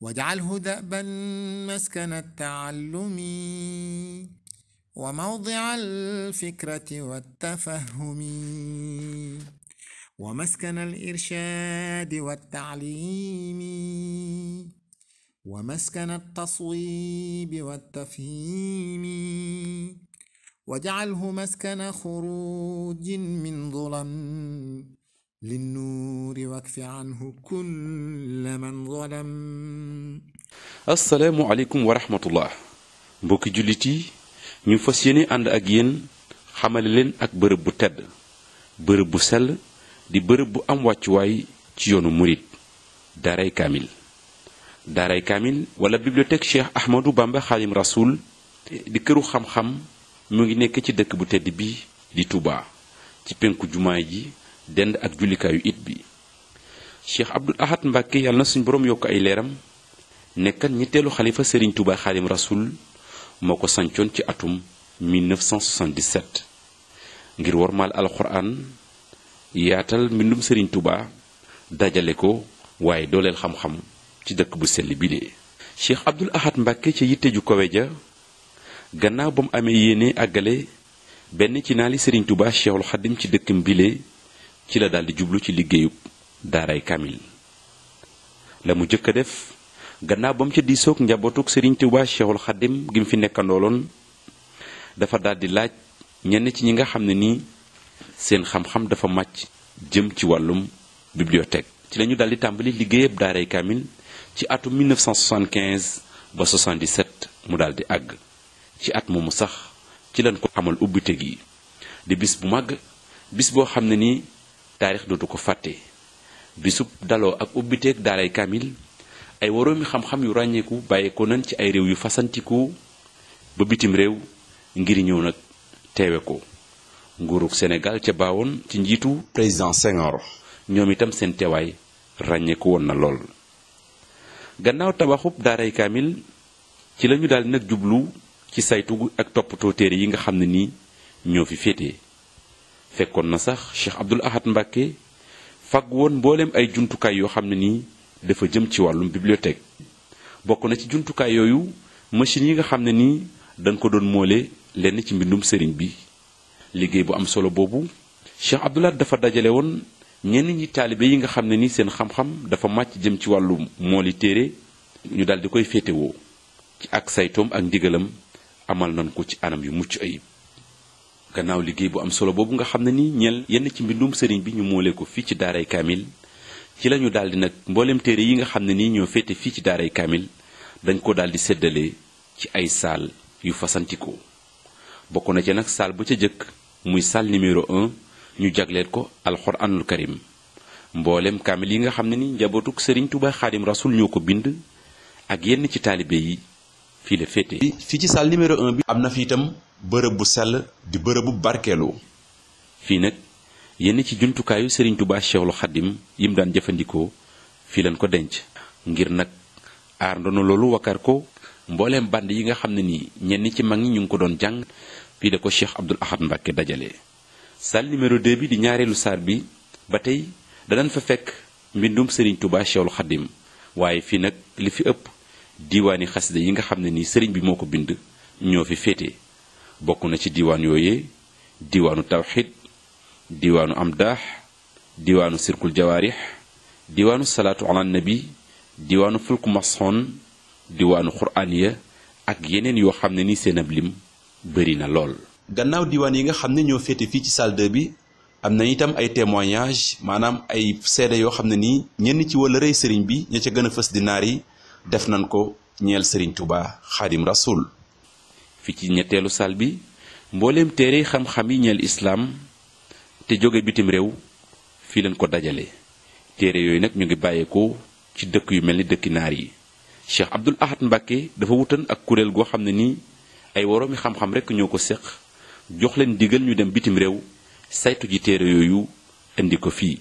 واجعله دأبا مسكن التعلم وموضع الفكرة والتفهم ومسكن الإرشاد والتعليم ومسكن التصويب والتفهيم واجعله مسكن خروج من ظلم للنور واكف عنه كل من ظلم yi ñu fas yéene ànd ak yéen xamale leen ak bërëb bu tedd bërëb bu sell di bërëb bu am wàccuwaay ci yoonu murit daaray kaamil daaray kaamil wala bibliothèque cheikh ahmadou bamba xaalim rasoul di këru xam-xam mu ngi nekk ci dëkk bu tedd bi di Touba ci penku jumaa ji dend ak jullikaayu it bi cheikh abdul ahad mbàkke yàlla suñ boroom yokk ay leeram nekkat ñetteelu xalifa sëriñ tuuba xaadim rasul moo ko sancoon ci atum 1977 ngir wormaal alxuraan yaatal mbindum sëriñ tuuba dajale ko waaye dooleel xam-xam ci dëkk bu sell bi de cheikh abdul ahad mbàkke ca yitte ju kowe ja gannaaw ba mu amee yéene àggale benn ci naali sëriñ tubaa cheikhul xadim ci dëkk mbile ci la daldi jublu ci liggéeyub daaray kamil la mu jëkk a def gannaaw ba mu ca diisoog njabootuk sëriñ Tuubaa Seexul Xaddim gi mu fi nekkandooloon dafa daldi laaj ñenn ci ñi nga xam ne nii seen xam-xam dafa màcc jëm ci wàllum bibliothèque ci lañu daldi tàmbali liggéeyab daaray kamil ci atum 1975 ba 77 mu daldi àgg ci at moomu sax ci leen ko amal ubbite gi di bis bu màgg bis boo xam ne nii taarix dootu ko fàtte bisub daloo ak ubbiteeg daaray kaamil ay waroomi xam-xam yu ràññeeku bàyyeekoo nañ ci ay réew yu fasantiku ba bitim réew ngir ñëw nag teewe ko nguurug senegal ca baawoon ci njiitu président Senghor ñoom itam seen teewaay ràññeeku woon na lool gannaaw tabaxub daaray kaamil ci lañu daal nag jublu ci saytu ak toppatoo téere yi nga xam ne nii ñoo fi féete fekkoon na sax Cheikh Abdoul Ahad Mbacke fàgg woon mbooleem ay jumtukaay yoo xam ne nii dafa jëm ci wàllum bibliothèque bokk na ci jumtukaay yooyu machine yi nga xam ne nii dañ ko doon moole lenn ci mbindum sëriñ bi liggéey bu am solo boobu Cheikh Abdoul Ahad dafa dajale woon ñenn ñi taalibe yi nga xam ne nii seen xam-xam dafa màcc jëm ci wàllu mooli téere ñu daal di koy féetewoo ci ak saytoom ak ndigalam amal nañ ko ci anam yu mucc ayib gannaaw liggéey bu am solo boobu nga xam ne ni ñeel yenn ci mbindum sëriñ bi ñu moolee ko fii ci daaray kaamil ci lañu daldi nag mbooleem téere yi nga xam ne ni ñoo féete fii ci daaray kaamil dañ ko daldi séddale ci ay saal yu fasantikoo bokk na ci nag saal bu ca jëkk muy saal numéro un ñu jagleel ko alxuraanul karim mbooleem kaamil yi nga xam ne ni njabootuk sëriñ Tuubaa xaadim rasul ñoo ko bind ak yenn ci taalibe yi fii la féete fii ci saal numéro bërëb bu di bërëb bu fii nag yenn ci jumtukaayu Serigne Touba Cheikhul yi mu daan jëfandikoo fii leen ko denc ngir nag aar ndono loolu wakar ko mbooleem band yi nga xam ne nii ñenn ci mag ñi ñu ngi ko doon jàng fii da ko Cheikh Abdoul Ahad Mbacke dajale. salle numéro 2 bi di ñaareelu saar bi ba tey danañ fa fekk mbindum sëriñ Touba Cheikhul Khadim waaye fii nag li fi ëpp diiwaani xasida yi nga xam ne nii sëriñ bi moo ko bind ñoo fi féete. bokk na ci diiwaan yooyee diiwaanu tawxid diiwaanu amdaax diiwaanu sirkul jawaarix diiwaanu salaatu ala nabi diiwaanu fulku masxoon diiwaanu quraaniya ak yeneen yoo xam ne ni seen ab lim bëri na lool gannaaw diiwaan yi nga xam ne ñoo féete fii ci salle bi am na itam ay témoignage maanaam ay seede yoo xam ne nii ñenn ci walla rëy sëriñ bi ña ca gën a fës di naar yi def nañ ko ñeel sëriñ Tuubaa xaadim rasul fi ci ñetteelu sal bi mbooleem téere xam-xam yi ñeel islaam te jóge bitim réew fii leen ko dajale téere yooyu nag ñu ngi bàyyeekoo ci dëkk yu mel ni dëkki naar yi Cheikh Abdul Ahad Mbàkke dafa wutan ak kuréel goo xam ne nii ay woroomi xam-xam rekk ñoo ko séq jox leen digal ñu dem bitim réew saytu ji téere yooyu indi ko fii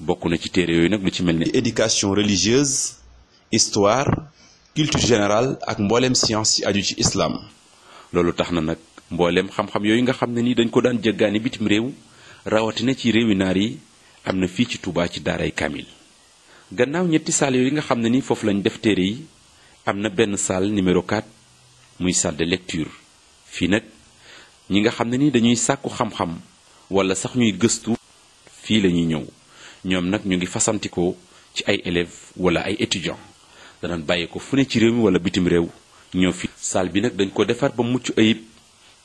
bokk na ci téere yooyu nag lu ci mel ni éducation religieuse histoire culture générale ak mbooleem science ci aju ci islam loolu tax na nag mbooleem xam-xam yooyu nga xam ne nii dañ ko daan jëggaani bitim réew rawatina ci réewi naar yi am na fii ci Touba ci daar ay Kamil gannaaw ñetti saal yooyu nga xam ne nii foofu lañu def téere yi am na benn saal numéro 4 muy salle de lecture fii nag ñi nga xam ne nii dañuy sàkku xam-xam wala sax ñuy gëstu fii lañuy ñëw ñoom nag ñu ngi fasantikoo ci ay élèves wala ay étudiants danañ bàyyi ko fu ne ci réew mi wala bitim réew ñoo fii salle bi nag dañ ko defar ba mucc ayib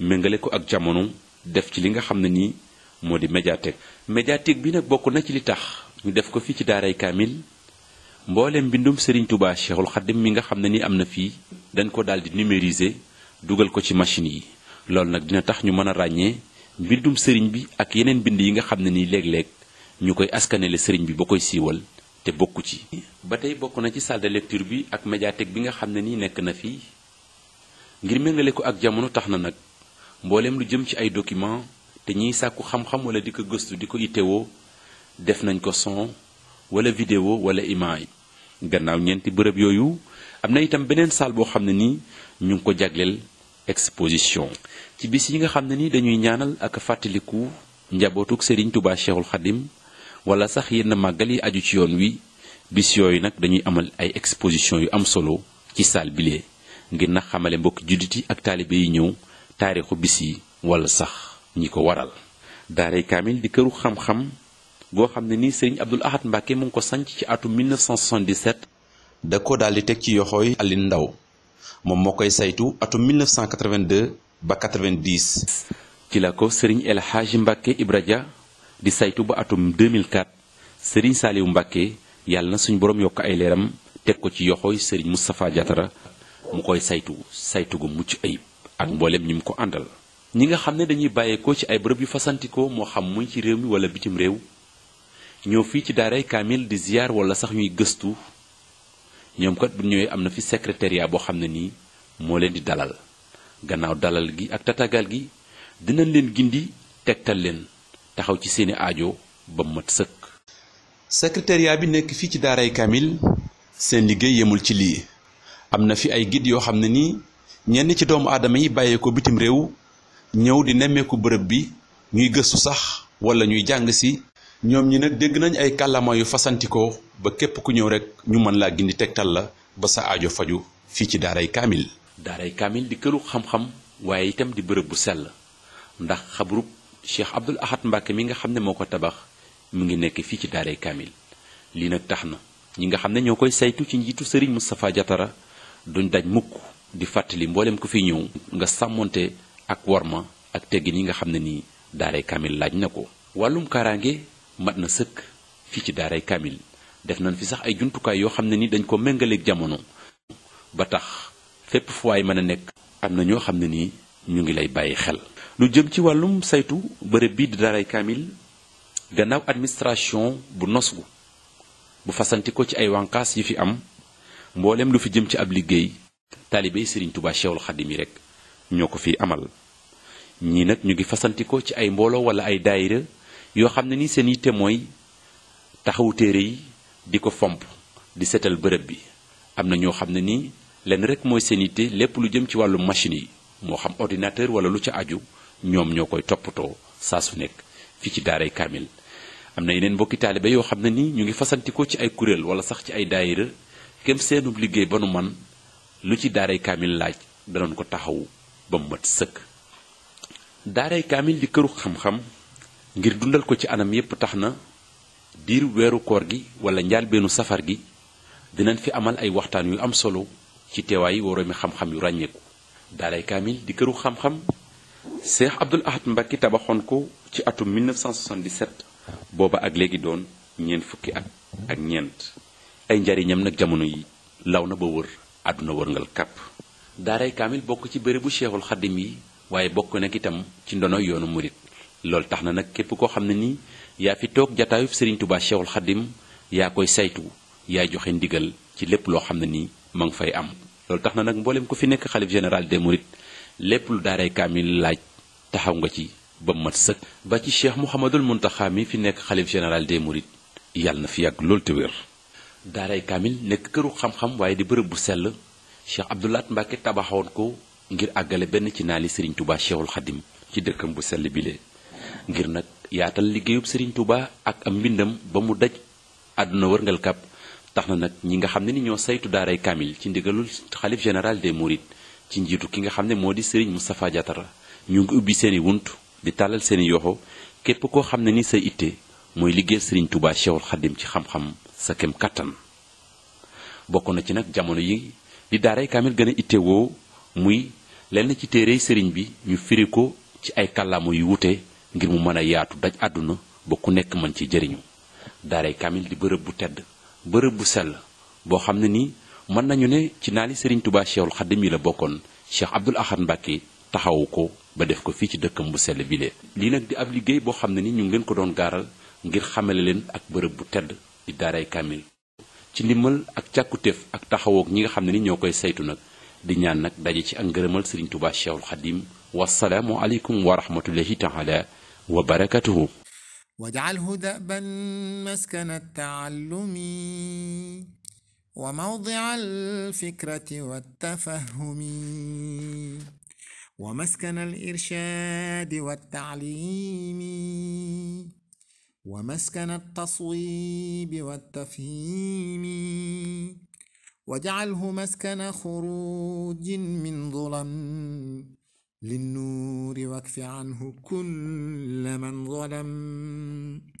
méngale ko ak jamono def ci li nga xam ne nii moo di médiathèque médiathèque bi nag bokk na ci li tax ñu def ko fii ci daaray kaamil mboolem mbindum Serigne Touba Cheikhul Khadim mi nga xam ne nii am na fii dañ ko daal di numériser dugal ko ci machine yi loolu nag dina tax ñu mën a ràññee mbindum sëriñ bi ak yeneen mbind yi nga xam ne nii léeg-léeg ñu koy askaneele sëriñ bi ba koy siiwal te bokku ci. ba tey bokk na ci salle de bi ak médiathèque bi nga xam ne nii nekk na fii. ngir méngale ko ak jamono tax na nag mbooleem lu jëm ci ay document te ñiy sàkku xam-xam wala di ko gëstu di ko itewoo def nañ ko son wala vidéo wala image gannaaw ñeenti bërëb yooyu am na itam beneen salle boo xam ne nii ñu ngi ko jagleel exposition ci bis yi nga xam ne ni dañuy ñaanal ak fàttaliku njabootuk Serigne Touba Cheikhul Khadim wala sax yenn màggal yi aju ci yoon wi bis yooyu nag dañuy amal ay exposition yu am solo ci salle bile. ngir na xamale mbokki juddit ak taalibe yi ñëw taarixu bis yi wala sax ñi ko waral daaray kaamil di këru xam-xam goo xam ne nii sëriñ Abdul Ahad Mbàkke mu ngi ko sanc ci atum 1977 da ko daal di teg ci yoxooy Alioune Ndao moom moo koy saytu atum 1982 ba 90 ci la ko sëriñ El Hadji Mbàkke Ibra Dia di saytu ba atum 2004 sëriñ Saaliwu Mbàkke yàlla na suñu borom yokk ay leeram teg ko ci yoxooy sëriñ Moustapha Diatara mu koy saytu saytu gu mucc ayib ak mboolem ñi mu ko àndal ñi nga xam ne dañuy bàyyeekoo ci ay bërëb yu fasantikoo moo xam muy ci réew mi wala bitim réew ñëw fii ci daaray kaamil di ziyaar wala sax ñuy gëstu ñoom kat bu ñëwee am na fi secrétariat boo xam ne nii moo leen di dalal gannaaw dalal gi ak tatagal gi dinañ leen gindi tegtal leen taxaw ci seeni aajo ba mu mat sëkk secrétariat bi nekk fii ci daaray kaamil seen liggéey yemul ci lii am na fi ay guide yoo xam ne nii ñenn ci doomu aadama yi bàyyee ko bitim réew ñëw di nemmeeku bërëb bi ñuy gëstu sax walla ñuy jàng si ñoom ñi nag dégg nañ ay kàllaama yu fasantikoo ba képp ku ñëw rek ñu mën laa gindi tegtal la ba sa aajo faju fii ci daaray kaamil daaray kaamil di këru xam-xam waaye itam di bërëb bu sell ndax xabrub cheikh abdul ahad mbàkke mi nga xam ne moo ko tabax mu ngi nekk fii ci daaray kaamil lii nag tax na ñi nga xam ne ñoo koy saytu ci njiitu sëriñ moustapha jatara duñ daj mukk di fàttali mboolem ku fi ñëw nga sàmmoonte ak warma ak teggin yi nga xam ne nii daaray kaamil laaj na ko wàllum kaaraange mat na sëkk fi ci daaray kaamil def nañ fi sax ay jumtukaay yoo xam ne ni dañ ko méngaleeg jamono ba tax fépp fu waay mën a nekk am na ñoo xam ne nii ñu ngi lay bàyyi xel lu jëm ci wàllum saytu bërëb bii di daaray kaamil gannaaw administration bu nos gu bu fasanti ko ci ay wànqaas yi fi am mbooleem lu fi jëm ci ab liggéey taalibey Serigne Touba Cheikhul Khadim mi rek ñoo ko fi amal ñii nag ñu ngi fasantikoo ci ay mbooloo wala ay daayira yoo xam ne nii seen yitte mooy taxawu téere yi di ko fomp di seetal bërëb bi am na ñoo xam ne nii lenn rek mooy seen yitte lépp lu jëm ci wàllu machine yi moo xam ordinateur wala lu ca aju ñoom ñoo koy toppatoo saa su nekk fii ci daaray kaamil am na yeneen mbokki taalibe yoo xam ne nii ñu ngi fasantikoo ci ay kuréel wala sax ci ay daayira kem seenub liggéey ba nu man lu ci daaray kaamil laaj danañ ko taxawu ba mu mat sëkk daaray kaamil di këru xam-xam ngir dundal ko ci anam yépp tax na biir weeru koor gi wala njaalbeenu safar gi dinañ fi amal ay waxtaan yu am solo ci teewaayu woroomi xam-xam yu ràññeeku daaray kaamil di këru xam-xam seex abdul ahad mbakki tabaxoon ko ci atum 1977 booba ak léegi doon ñeent fukki at ak ñeent ay njariñam nag jamono yi law na ba wër àdduna wërngal kàpp daaray kaamil bokk ci bërébu Cheikhul Xadim yi waaye bokk nag itam ci ndono yoonu murit loolu tax na nag képp koo xam ne nii yaa fi toog jataayub Serigne Touba Cheikhul Xadim yaa koy saytu yaa joxe ndigal ci lépp loo xam ne nii ma ngi fay am loolu tax na nag mboolem ko fi nekk xalif général de mourides lépp lu daaray kaamil laaj taxaw nga ci ba mat sëkk ba ci cheikh mouhamadul muntaxa mi fi nekk xalif général des mourides na fi yàgg loolu te daaray kaamil nekk këru xam-xam waaye di bërëb bu sell Cheikh Abdou Lahad Mbacké tabaxoon ko ngir àggale benn ci naali Serigne Touba Cheikhul Khadim ci dëkkam bu sell bile ngir nag yaatal liggéeyub Serigne Touba ak mbindam ba mu daj àdduna wërngal kàpp tax na nag ñi nga xam ne ni ñoo saytu daaray kaamil ci ndigalul xalif général des Mourides ci njiitu ki nga xam ne moo di Serigne Moustapha Diatara ñu ngi ubbi seeni wunt di tàllal seeni yoxo képp koo xam ne ni sa itte mooy liggéeyal Serigne Touba Cheikhul Khadim ci xam-xam sa kem kattan bokkoon na ci nag jamono yi di daaray kaamil gën a ittewoo muy lenn ci téere sëriñ bi ñu firi ko ci ay kàllaama yu wute ngir mu mën a yaatu daj àdduna ba ku nekk mën ci jëriñu daaray kaamil di bërëb bu tedd bërëb bu sell boo xam ne nii mën nañu ne ci naali sëriñ tubaa cheikhul xadim yi la bokkoon cheikh abdul ahad mbàkke taxawu ko ba def ko fii ci dëkkam bu sell bile lii nag di ab liggéey boo xam ne ni ñu ngi leen ko doon gaaral ngir xamale leen ak bërëb bu tedd di daaray kaamil ci ndimbal ak càkkutéef ak taxawoog ñi nga xam ne ni ñoo koy saytu nag di ñaan nag daje ci ak ngërëmal sëriñ Tuubaa Cheikhul Xadim wassalaamu aleykum wa rahmatullahi taala wa barakatuhu waj'alhu da'ban maskana ta'allumi wa mawdi'a al-fikrati wat-tafahhumi wa maskana al-irshadi ومسكن التصويب والتفهيم واجعله مسكن خروج من ظلم للنور واكف عنه كل من ظلم